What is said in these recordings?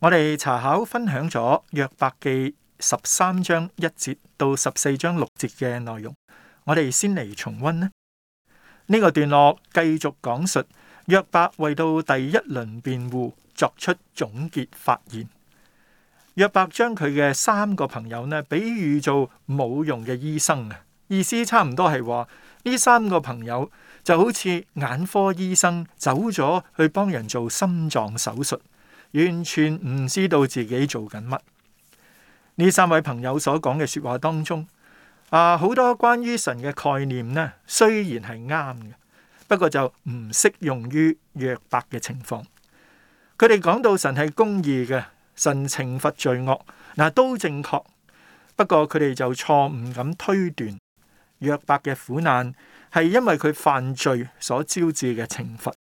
我哋查考分享咗約伯記十三章一節到十四章六節嘅內容，我哋先嚟重溫呢。呢、呢個段落繼續講述約伯為到第一輪辯護作出總結發言。約伯將佢嘅三個朋友呢，比喻做冇用嘅醫生嘅意思差，差唔多係話呢三個朋友就好似眼科醫生走咗去幫人做心臟手術。完全唔知道自己做緊乜。呢三位朋友所講嘅說話當中，啊，好多關於神嘅概念呢，雖然係啱嘅，不過就唔適用於約伯嘅情況。佢哋講到神係公義嘅，神懲罰罪惡，嗱、啊、都正確。不過佢哋就錯誤咁推斷，約伯嘅苦難係因為佢犯罪所招致嘅懲罰。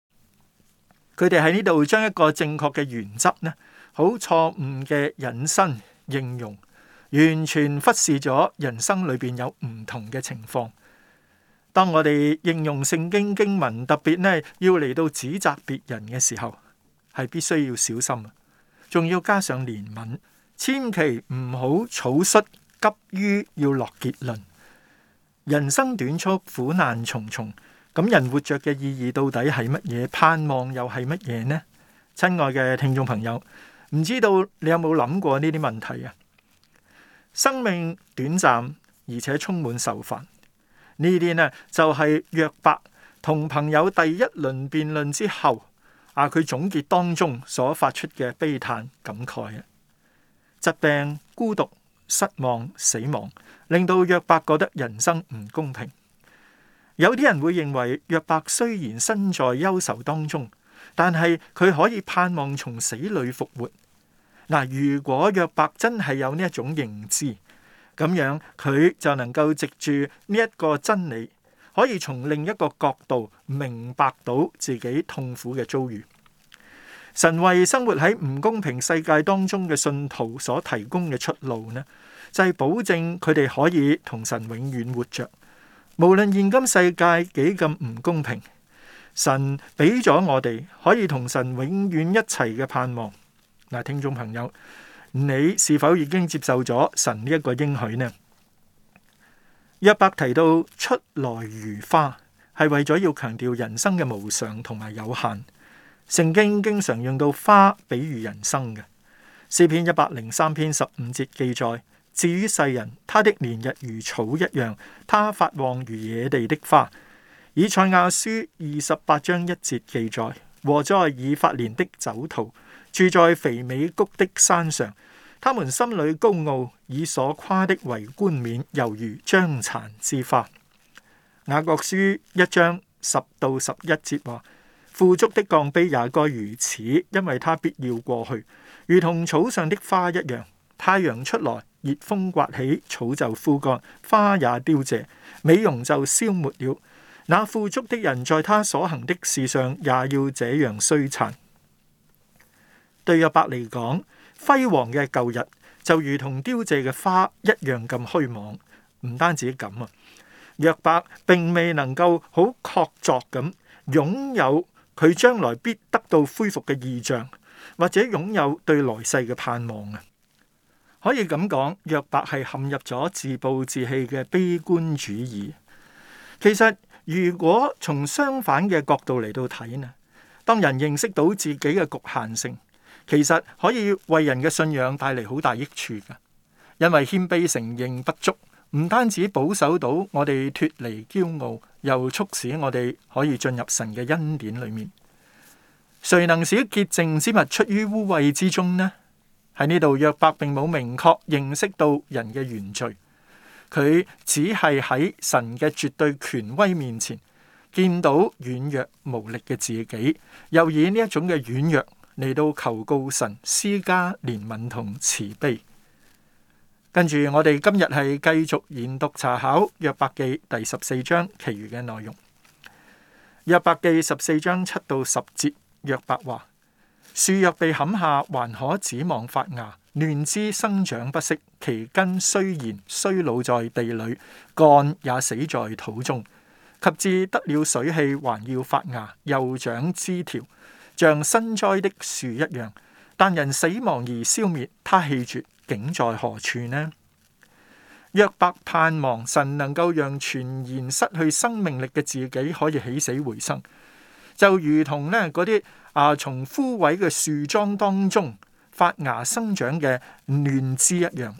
佢哋喺呢度將一個正確嘅原則呢，好錯誤嘅引申應用，完全忽視咗人生裏邊有唔同嘅情況。當我哋應用聖經經文，特別呢要嚟到指責別人嘅時候，係必須要小心啊！仲要加上憐憫，千祈唔好草率，急於要落結論。人生短促，苦難重重。咁人活着嘅意義到底係乜嘢？盼望又係乜嘢呢？親愛嘅聽眾朋友，唔知道你有冇諗過呢啲問題啊？生命短暫而且充滿愁煩，呢啲呢，就係約伯同朋友第一輪辯論之後啊，佢總結當中所發出嘅悲嘆感慨啊！疾病、孤獨、失望、死亡，令到約伯覺得人生唔公平。有啲人會認為，約伯雖然身在憂愁當中，但係佢可以盼望從死裏復活。嗱，如果約伯真係有呢一種認知，咁樣佢就能夠藉住呢一個真理，可以從另一個角度明白到自己痛苦嘅遭遇。神為生活喺唔公平世界當中嘅信徒所提供嘅出路呢，就係保證佢哋可以同神永遠活着。無論現今世界幾咁唔公平，神俾咗我哋可以同神永遠一齊嘅盼望。嗱，聽眾朋友，你是否已經接受咗神呢一個應許呢？一伯提到出嚟如花，係為咗要強調人生嘅無常同埋有限。聖經經常用到花比喻人生嘅。詩篇一百零三篇十五節記載。至於世人，他的年日如草一樣，他發旺如野地的花。以賽亞書二十八章一節記載：禍哉！以法蓮的酒徒住在肥美谷的山上，他們心裏高傲，以所誇的為冠冕，猶如將殘之花。雅各書一章十到十一節話：富足的降卑也該如此，因為他必要過去，如同草上的花一樣。太陽出來。熱風刮起，草就枯乾，花也凋謝，美容就消沒了。那富足的人在他所行的事上也要這樣衰殘。對約伯嚟講，輝煌嘅舊日就如同凋謝嘅花一樣咁虛妄。唔單止咁啊，約伯並未能夠好確鑿咁擁有佢將來必得到恢復嘅異象，或者擁有對來世嘅盼望啊。可以咁講，約伯係陷入咗自暴自棄嘅悲觀主義。其實如果從相反嘅角度嚟到睇呢，當人認識到自己嘅局限性，其實可以為人嘅信仰帶嚟好大益處噶。因為謙卑承認不足，唔單止保守到我哋脫離驕傲，又促使我哋可以進入神嘅恩典裏面。誰能使潔淨之物出於污穢之中呢？喺呢度，約伯並冇明確認識到人嘅原罪，佢只係喺神嘅絕對權威面前，見到軟弱無力嘅自己，又以呢一種嘅軟弱嚟到求告神施加憐憫同慈悲。跟住我哋今日係繼續研讀查考約伯記第十四章，其餘嘅內容。約伯記十四章七到十節，約伯話。樹若被砍下，還可指望發芽；嫩枝生長不息，其根雖然衰老在地裏，幹也死在土中。及至得了水氣，還要發芽，又長枝條，像新栽的樹一樣。但人死亡而消滅，他氣絕，竟在何處呢？約伯盼望神能夠讓全然失去生命力嘅自己可以起死回生。就如同咧嗰啲啊從枯萎嘅樹樁當中發芽生長嘅嫩枝一樣，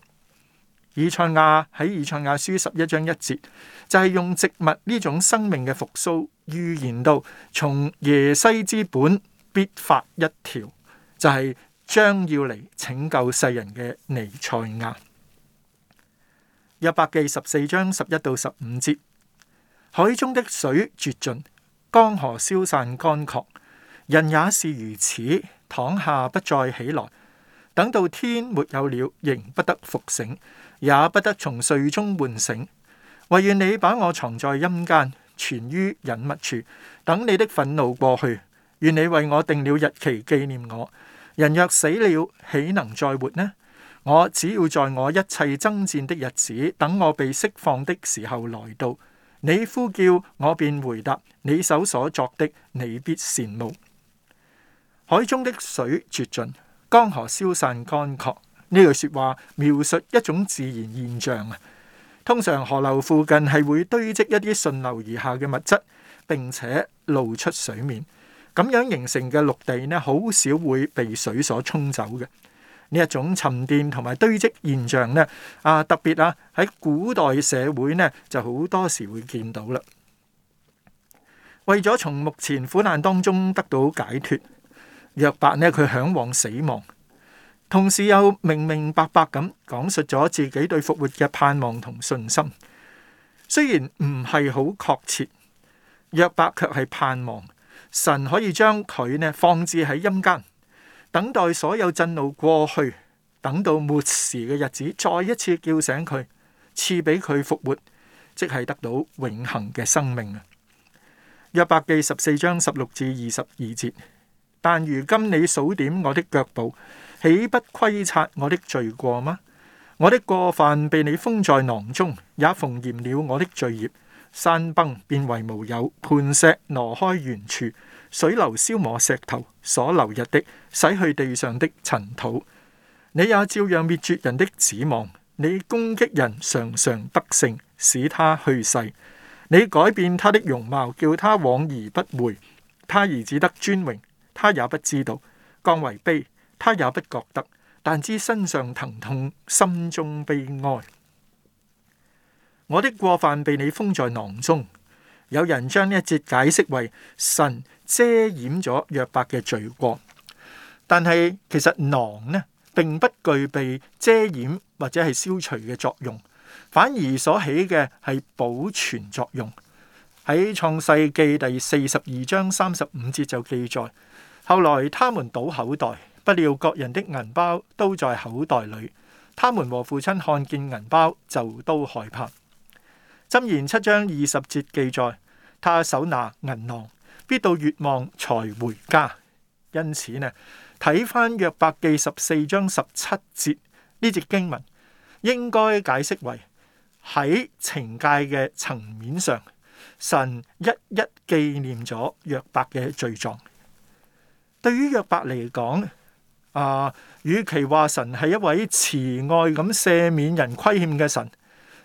以賽亞喺以賽亞書十一章一節就係用植物呢種生命嘅復甦，預言到從耶西之本必發一條，就係將要嚟拯救世人嘅彌賽亞。約伯記十四章十一到十五節，海中的水絕盡。江河消散乾涸，人也是如此，躺下不再起來。等到天沒有了，仍不得復醒，也不得從睡中喚醒。唯願你把我藏在陰間，存於隱密處，等你的憤怒過去。願你為我定了日期紀念我。人若死了，豈能再活呢？我只要在我一切爭戰的日子，等我被釋放的時候來到。你呼叫，我便回答。你手所作的，你必羨慕。海中的水絕盡，江河消散乾涸。呢句說話描述一種自然現象啊。通常河流附近係會堆積一啲順流而下嘅物質，並且露出水面，咁樣形成嘅陸地呢，好少會被水所沖走嘅。呢一種沉澱同埋堆積現象咧，啊特別啊喺古代社會呢就好多時會見到啦。為咗從目前苦難當中得到解脫，約伯呢佢向往死亡，同時又明明白白咁講述咗自己對復活嘅盼望同信心。雖然唔係好確切，約伯卻係盼望神可以將佢呢放置喺陰間。等待所有震怒過去，等到末時嘅日子，再一次叫醒佢，賜俾佢復活，即係得到永恆嘅生命啊！約伯記十四章十六至二十二節，但如今你數點我的腳步，豈不窺察我的罪過嗎？我的過犯被你封在囊中，也縫嚴了我的罪孽，山崩變為無有，磐石挪開原處。水流消磨石頭，所流入的，洗去地上的塵土。你也照樣滅絕人的指望，你攻擊人常常得勝，使他去世。你改變他的容貌，叫他往而不回。他兒子得尊榮，他也不知道；降為悲，他也不覺得。但知身上疼痛，心中悲哀。我的過犯被你封在囊中。有人將呢一節解釋為神遮掩咗約伯嘅罪過，但係其實囊呢並不具備遮掩掩或者係消除嘅作用，反而所起嘅係保存作用。喺創世記第四十二章三十五節就記載，後來他們倒口袋，不料各人的銀包都在口袋裏，他們和父親看見銀包就都害怕。箴言七章二十節記載，他手拿銀囊，必到月望才回家。因此呢，睇翻約伯記十四章十七節呢節經文，應該解釋為喺情界嘅層面上，神一一紀念咗約伯嘅罪狀。對於約伯嚟講，啊，與其話神係一位慈愛咁赦免人虧欠嘅神，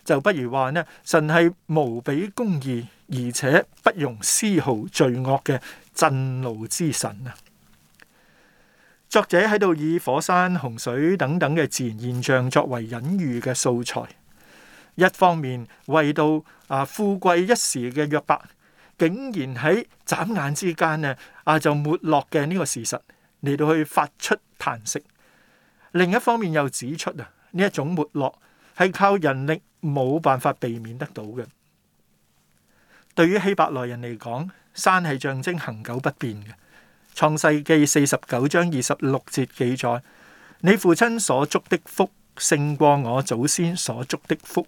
就不如話呢，神係無比公義，而且不容絲毫罪惡嘅震怒之神啊！作者喺度以火山、洪水等等嘅自然現象作為隱喻嘅素材，一方面為到啊富貴一時嘅約伯，竟然喺眨眼之間呢啊就沒落嘅呢個事實嚟到去發出嘆息；另一方面又指出啊呢一種沒落。係靠人力冇辦法避免得到嘅。對於希伯來人嚟講，山係象徵恒久不變嘅。創世記四十九章二十六節記載：你父親所祝的福勝過我祖先所祝的福，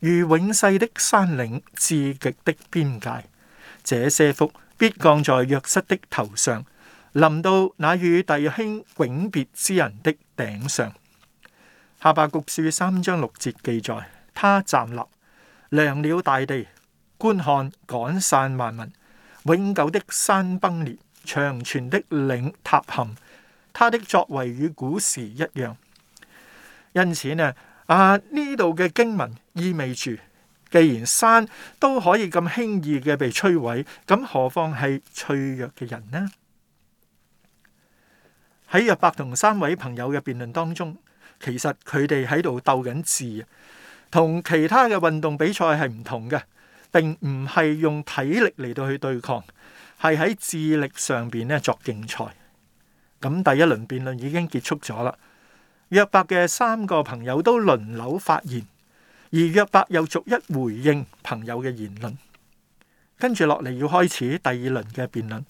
如永世的山嶺至極的邊界。這些福必降在約瑟的頭上，臨到那與弟兄永別之人的頂上。哈巴谷書三章六節記載，他站立量了大地，觀看趕散萬民，永久的山崩裂，長存的嶺塌陷。他的作為與古時一樣，因此呢啊呢度嘅經文意味住，既然山都可以咁輕易嘅被摧毀，咁何況係脆弱嘅人呢？喺約伯同三位朋友嘅辯論當中。其實佢哋喺度鬥緊智，同其他嘅運動比賽係唔同嘅，並唔係用體力嚟到去對抗，係喺智力上邊咧作競賽。咁第一輪辯論已經結束咗啦。約伯嘅三個朋友都輪流發言，而約伯又逐一回應朋友嘅言論。跟住落嚟要開始第二輪嘅辯論。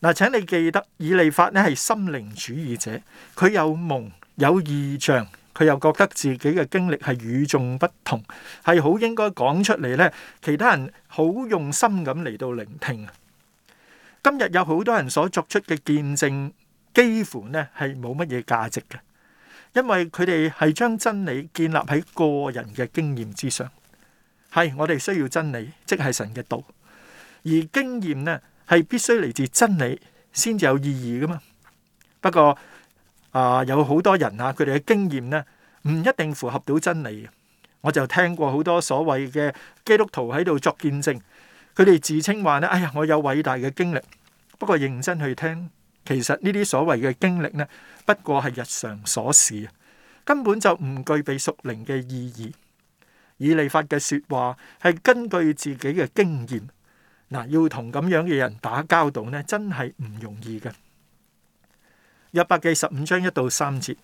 嗱，請你記得，以利法呢係心靈主義者，佢有夢。有異象，佢又覺得自己嘅經歷係與眾不同，係好應該講出嚟咧。其他人好用心咁嚟到聆聽啊。今日有好多人所作出嘅見證，幾乎呢係冇乜嘢價值嘅，因為佢哋係將真理建立喺個人嘅經驗之上。係我哋需要真理，即係神嘅道，而經驗呢係必須嚟自真理先至有意義噶嘛。不過，啊，有好多人啊，佢哋嘅經驗呢，唔一定符合到真理。我就聽過好多所謂嘅基督徒喺度作見證，佢哋自稱話呢，哎呀，我有偉大嘅經歷。不過認真去聽，其實呢啲所謂嘅經歷呢，不過係日常瑣事，根本就唔具備屬靈嘅意義。以利法嘅説話係根據自己嘅經驗，嗱，要同咁樣嘅人打交道呢，真係唔容易嘅。約伯記十五章一到三節，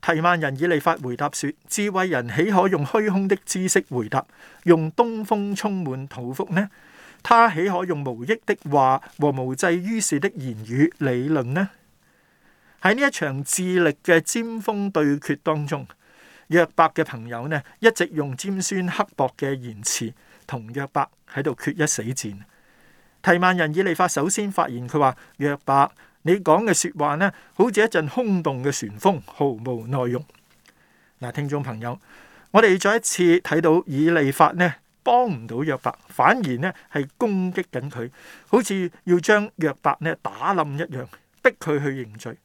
提曼人以利法回答說：智慧人豈可用虛空的知識回答，用東風充滿肚腹呢？他豈可用無益的話和無濟於事的言語理論呢？喺呢一場智力嘅尖峰對決當中，約伯嘅朋友呢一直用尖酸刻薄嘅言辭同約伯喺度決一死戰。提曼人以利法首先發言，佢話約伯，你講嘅說話呢，好似一陣空洞嘅旋風，毫無內容。嗱，聽眾朋友，我哋再一次睇到以利法呢，幫唔到約伯，反而呢係攻擊緊佢，好似要將約伯呢打冧一樣，逼佢去認罪。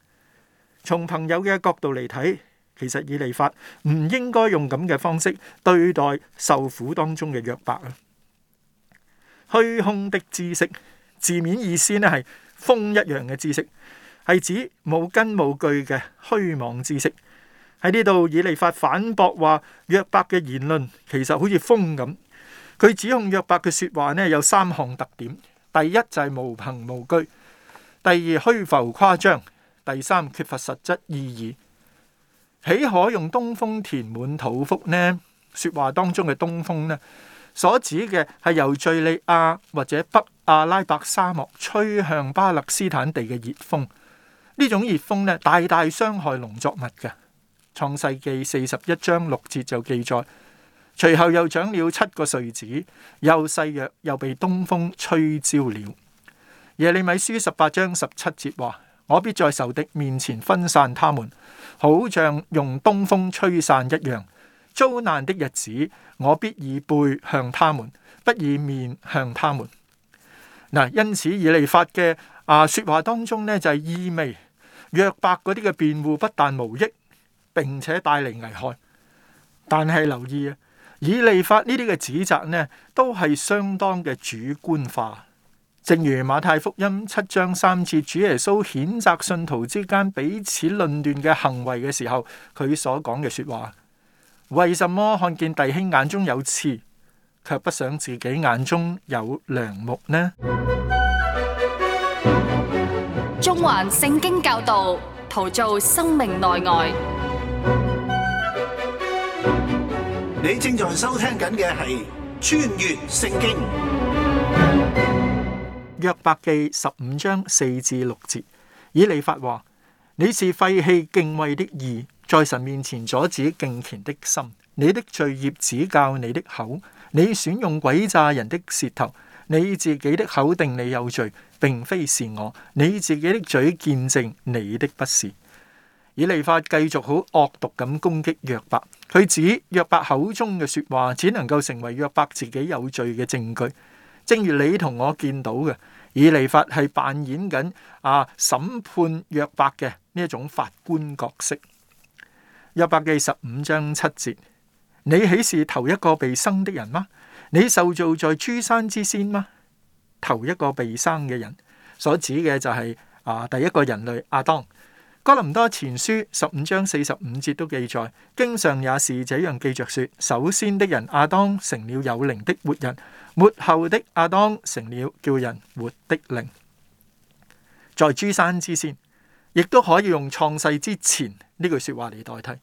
從朋友嘅角度嚟睇，其實以利法唔應該用咁嘅方式對待受苦當中嘅約伯啊！虛空的知識，字面意思呢係。風一樣嘅知識，係指冇根冇據嘅虛妄知識。喺呢度以利法反駁話約伯嘅言論，其實好似風咁。佢指控約伯嘅說話呢，有三項特點：第一就係無憑無據；第二虛浮誇張；第三缺乏實質意義。豈可用東風填滿肚腹呢？說話當中嘅東風呢，所指嘅係由敘利亞或者北。阿拉伯沙漠吹向巴勒斯坦地嘅熱風，種熱風呢，種熱風呢，大大傷害農作物嘅。創世紀四十一章六節就記載，隨後又長了七個穗子，又細弱，又被東風吹焦了。耶利米書十八章十七節話：我必在仇敵面前分散他們，好像用東風吹散一樣。遭難的日子，我必以背向他們，不以面向他們。嗱，因此以利法嘅啊説話，當中咧，就係、是、意味約伯嗰啲嘅辯護不但無益，並且帶嚟危害。但係留意啊，以利法呢啲嘅指責咧，都係相當嘅主觀化。正如馬太福音七章三次主耶穌譴責信徒之間彼此論斷嘅行為嘅時候，佢所講嘅説話，為什麼看見弟兄眼中有刺？卻不想自己眼中有梁木呢？中環聖經教導，陶造生命內外。你正在收聽緊嘅係穿越聖經約伯記十五章四至六節，以利法話：你是廢棄敬畏的意，在神面前阻止敬虔的心，你的罪孽指教你的口。你選用鬼詐人的舌頭，你自己的口定你有罪，並非是我，你自己的嘴見證你的不是。以利法繼續好惡毒咁攻擊約伯，佢指約伯口中嘅說話，只能夠成為約伯自己有罪嘅證據，正如你同我見到嘅，以利法係扮演緊啊審判約伯嘅呢一種法官角色。約伯記十五章七節。你豈是頭一個被生的人嗎？你受造在諸山之先嗎？頭一個被生嘅人所指嘅就係、是、啊，第一個人類亞當。哥林多前書十五章四十五節都記載，經上也是這樣記着說：首先的人亞當成了有靈的活人，末後的亞當成了叫人活的靈。在諸山之先，亦都可以用創世之前呢句說話嚟代替。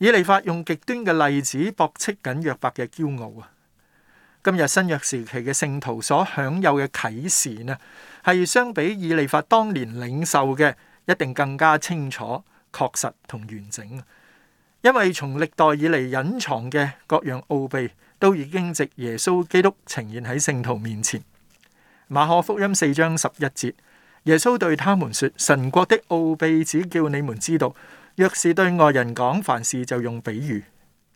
以利法用極端嘅例子駁斥緊約伯嘅驕傲啊！今日新約時期嘅聖徒所享有嘅啟示呢，係相比以利法當年領受嘅，一定更加清楚、確實同完整。因為從歷代以嚟隱藏嘅各樣奧秘，都已經藉耶穌基督呈現喺聖徒面前。馬可福音四章十一節，耶穌對他們說：神國的奧秘只叫你們知道。若是對外人講，凡事就用比喻。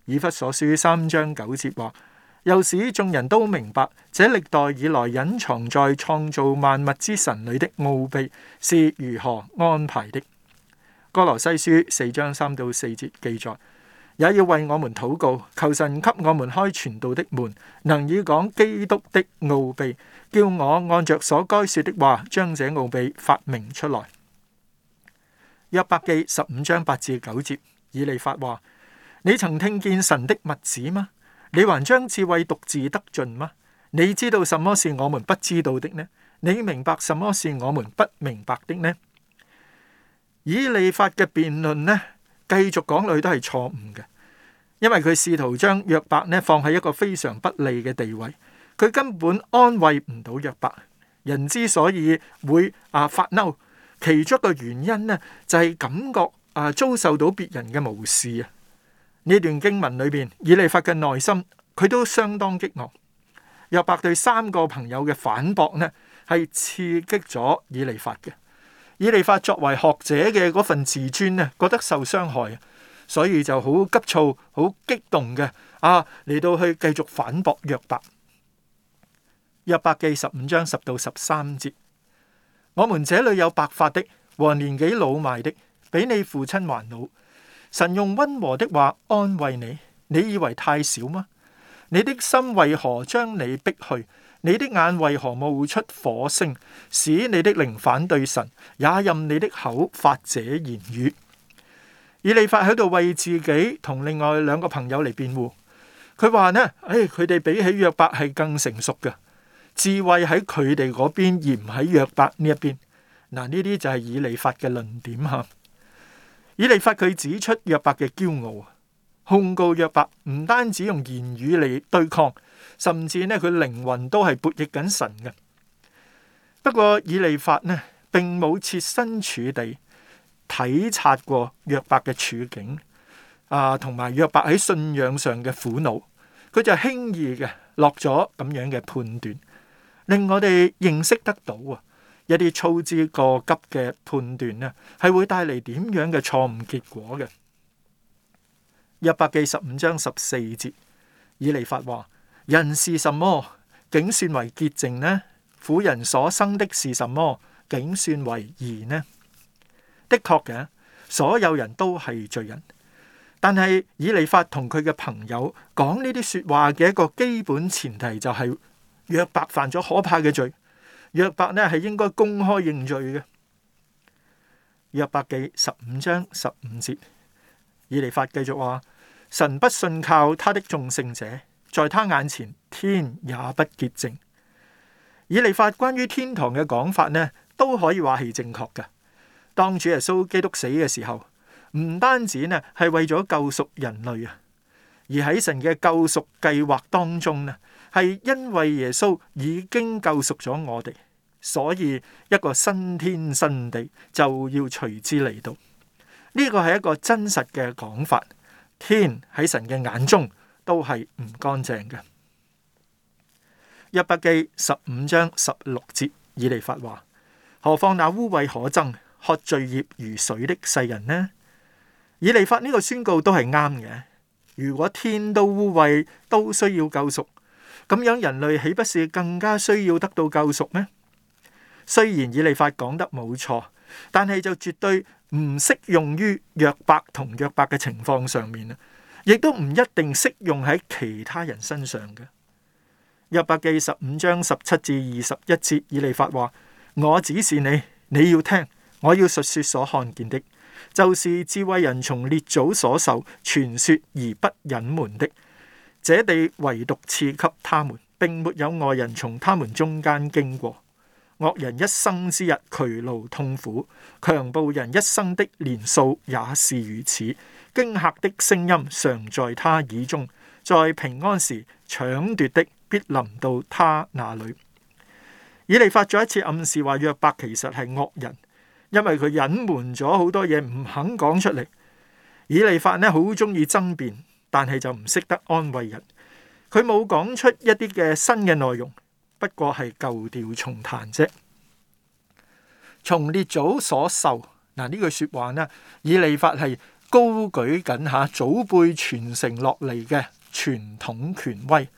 以弗所書三章九節話，又使眾人都明白這歷代以來隱藏在創造萬物之神裏的奧秘是如何安排的。哥羅西書四章三到四節記載，也要為我們禱告，求神給我們開傳道的門，能以講基督的奧秘，叫我按着所該說的話，將這奧秘發明出來。約伯記十五章八至九節，以利法話：你曾聽見神的密旨嗎？你還將智慧獨自得盡嗎？你知道什麼是我們不知道的呢？你明白什麼是我們不明白的呢？以利法嘅辯論呢，繼續講落去都係錯誤嘅，因為佢試圖將約伯呢放喺一個非常不利嘅地位，佢根本安慰唔到約伯。人之所以會啊發嬲。其中一個原因呢，就係、是、感覺啊遭受到別人嘅無視啊！呢段經文裏邊，以利法嘅內心佢都相當激昂。約伯對三個朋友嘅反駁呢，係刺激咗以利法嘅。以利法作為學者嘅嗰份自尊呢，覺得受傷害，所以就好急躁、好激動嘅啊，嚟到去繼續反駁約伯。約伯記十五章十到十三節。我們這裏有白髮的和年紀老邁的，比你父親還老。神用溫和的話安慰你，你以為太少嗎？你的心為何將你逼去？你的眼為何冒出火星，使你的靈反對神，也任你的口發這言語？以利法喺度為自己同另外兩個朋友嚟辯護，佢話呢，誒、哎，佢哋比起約伯係更成熟嘅。智慧喺佢哋嗰邊，而唔喺約伯呢一邊。嗱，呢啲就係以利法嘅論點吓。以利法佢指出約伯嘅驕傲，控告約伯唔單止用言語嚟對抗，甚至呢，佢靈魂都係背逆緊神嘅。不過以利法呢，並冇切身處地體察過約伯嘅處境，啊，同埋約伯喺信仰上嘅苦惱，佢就輕易嘅落咗咁樣嘅判斷。令我哋認識得到啊，一啲操之過急嘅判斷咧，係會帶嚟點樣嘅錯誤結果嘅。約伯記十五章十四節，以利法話：人是什麼，竟算為潔淨呢？婦人所生的是什麼，竟算為義呢？的確嘅，所有人都係罪人。但係以利法同佢嘅朋友講呢啲說話嘅一個基本前提就係、是。約伯犯咗可怕嘅罪，約伯呢係應該公開認罪嘅。約伯記十五章十五節，以利法繼續話：神不信靠他的眾聖者，在他眼前天也不潔淨。以利法關於天堂嘅講法呢，都可以話係正確嘅。當主耶穌基督死嘅時候，唔單止呢係為咗救贖人類啊，而喺神嘅救贖計劃當中呢，係因為耶穌已經救贖咗我哋，所以一個新天新地就要隨之嚟到。呢個係一個真實嘅講法。天喺神嘅眼中都係唔乾淨嘅。約伯記十五章十六節，以利法話：何況那污穢可憎、喝罪孽如水的世人呢？以利法呢個宣告都係啱嘅。如果天都污穢，都需要救贖。咁樣人類豈不是更加需要得到救贖咩？雖然以利法講得冇錯，但係就絕對唔適用於約伯同約伯嘅情況上面啦，亦都唔一定適用喺其他人身上嘅。約伯記十五章十七至二十一節，以利法話：我指示你，你要聽，我要述說所看見的，就是智慧人從列祖所受傳說而不隱瞞的。這地唯獨賜給他們，並沒有外人從他們中間經過。惡人一生之日，劬勞痛苦；強暴人一生的年數也是如此。驚嚇的聲音常在他耳中，在平安時搶奪的必臨到他那裏。以利法再一次暗示話約伯其實係惡人，因為佢隱瞞咗好多嘢，唔肯講出嚟。以利法呢好中意爭辯。但係就唔識得安慰人，佢冇講出一啲嘅新嘅內容，不過係舊調重彈啫。從列祖所受，嗱呢句說話呢，以利法係高舉緊下祖輩傳承落嚟嘅傳統權威。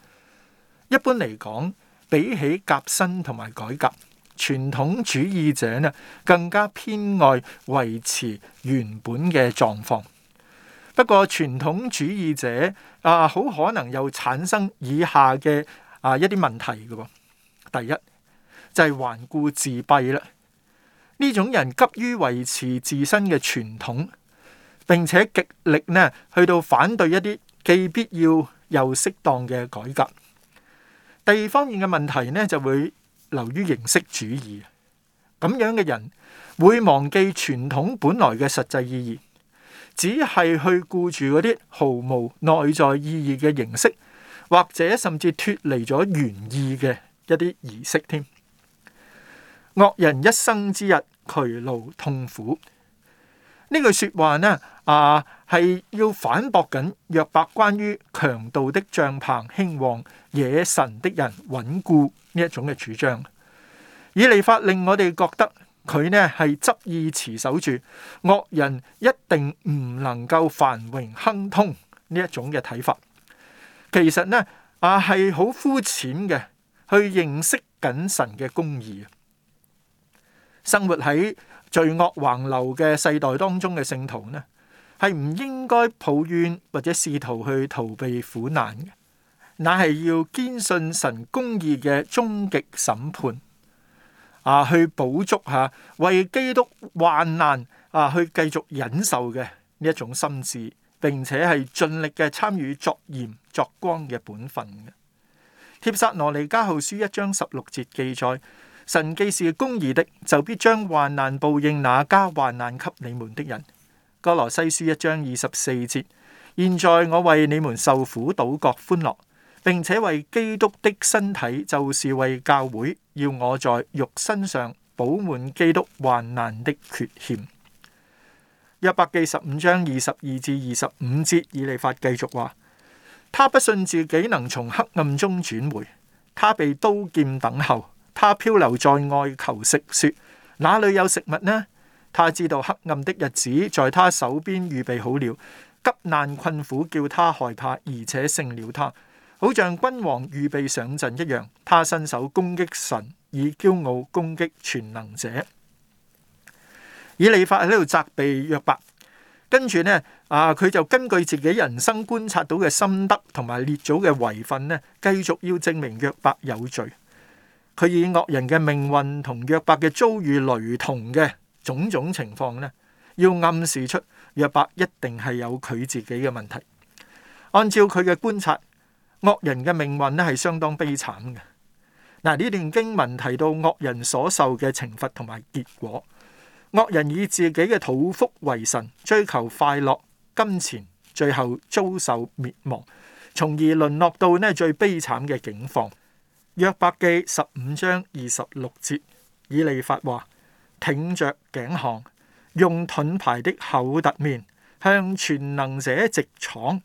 一般嚟講，比起革新同埋改革，傳統主義者呢更加偏愛維持原本嘅狀況。不過傳統主義者啊，好可能又產生以下嘅啊一啲問題嘅喎。第一就係頑固自閉啦，呢種人急於維持自身嘅傳統，並且極力咧去到反對一啲既必要又適當嘅改革。第二方面嘅問題咧，就會流於形式主義。咁樣嘅人會忘記傳統本來嘅實際意義。只係去顧住嗰啲毫無內在意義嘅形式，或者甚至脫離咗原意嘅一啲儀式添。惡人一生之日，劬勞痛苦。呢句說話呢，啊係要反駁緊約伯關於強盜的帳篷興旺、惹神的人穩固呢一種嘅主張，以利法令我哋覺得。佢呢係執意持守住惡人一定唔能夠繁榮亨通呢一種嘅睇法，其實呢，啊係好膚淺嘅去認識緊神嘅公義。生活喺罪惡橫流嘅世代當中嘅聖徒呢，係唔應該抱怨或者試圖去逃避苦難嘅，乃係要堅信神公義嘅終極審判。啊，去補足吓，為基督患難啊，去繼續忍受嘅呢一種心智，並且係盡力嘅參與作鹽作光嘅本分嘅。帖撒羅尼加後書一章十六節記載：神既是公義的，就必將患難報應那加患難給你們的人。哥羅西書一章二十四節：現在我為你們受苦國，倒覺歡樂。並且為基督的身體，就是為教會，要我在肉身上補滿基督患難的缺欠。約伯記十五章二十二至二十五節，以利法繼續話：他不信自己能從黑暗中轉回，他被刀劍等候，他漂流在外求食，說哪裏有食物呢？他知道黑暗的日子在他手邊預備好了，急難困苦叫他害怕，而且勝了他。好像君王預備上陣一樣，他伸手攻擊神，以驕傲攻擊全能者。以利法喺度責備約伯。跟住呢，啊，佢就根據自己人生觀察到嘅心得，同埋列祖嘅遺訓呢，繼續要證明約伯有罪。佢以惡人嘅命運同約伯嘅遭遇雷同嘅種種情況呢，要暗示出約伯一定係有佢自己嘅問題，按照佢嘅觀察。惡人嘅命運咧係相當悲慘嘅。嗱，呢段經文提到惡人所受嘅懲罰同埋結果，惡人以自己嘅肚腹為神，追求快樂、金錢，最後遭受滅亡，從而淪落到呢最悲慘嘅境況。約伯記十五章二十六節，以利法話：挺着頸項，用盾牌的厚凸面向全能者直闖。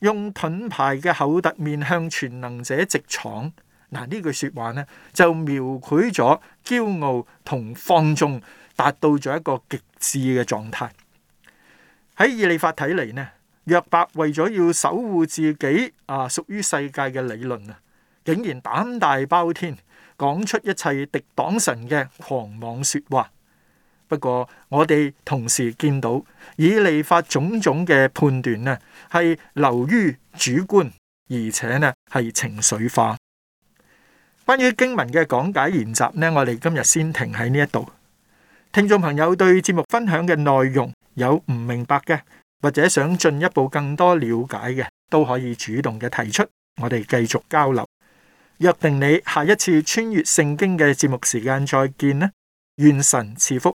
用盾牌嘅厚凸面向全能者直闖，嗱，呢句說話呢，就描繪咗驕傲同放縱達到咗一個極致嘅狀態。喺以利法睇嚟呢，約伯為咗要守護自己啊屬於世界嘅理論啊，竟然膽大包天，講出一切敵擋神嘅狂妄說話。不過我哋同時見到以利法種種嘅判斷呢，係流於主觀，而且呢係情緒化。關於經文嘅講解研習呢，我哋今日先停喺呢一度。聽眾朋友對節目分享嘅內容有唔明白嘅，或者想進一步更多了解嘅，都可以主動嘅提出，我哋繼續交流。約定你下一次穿越聖經嘅節目時間再見啦！願神賜福。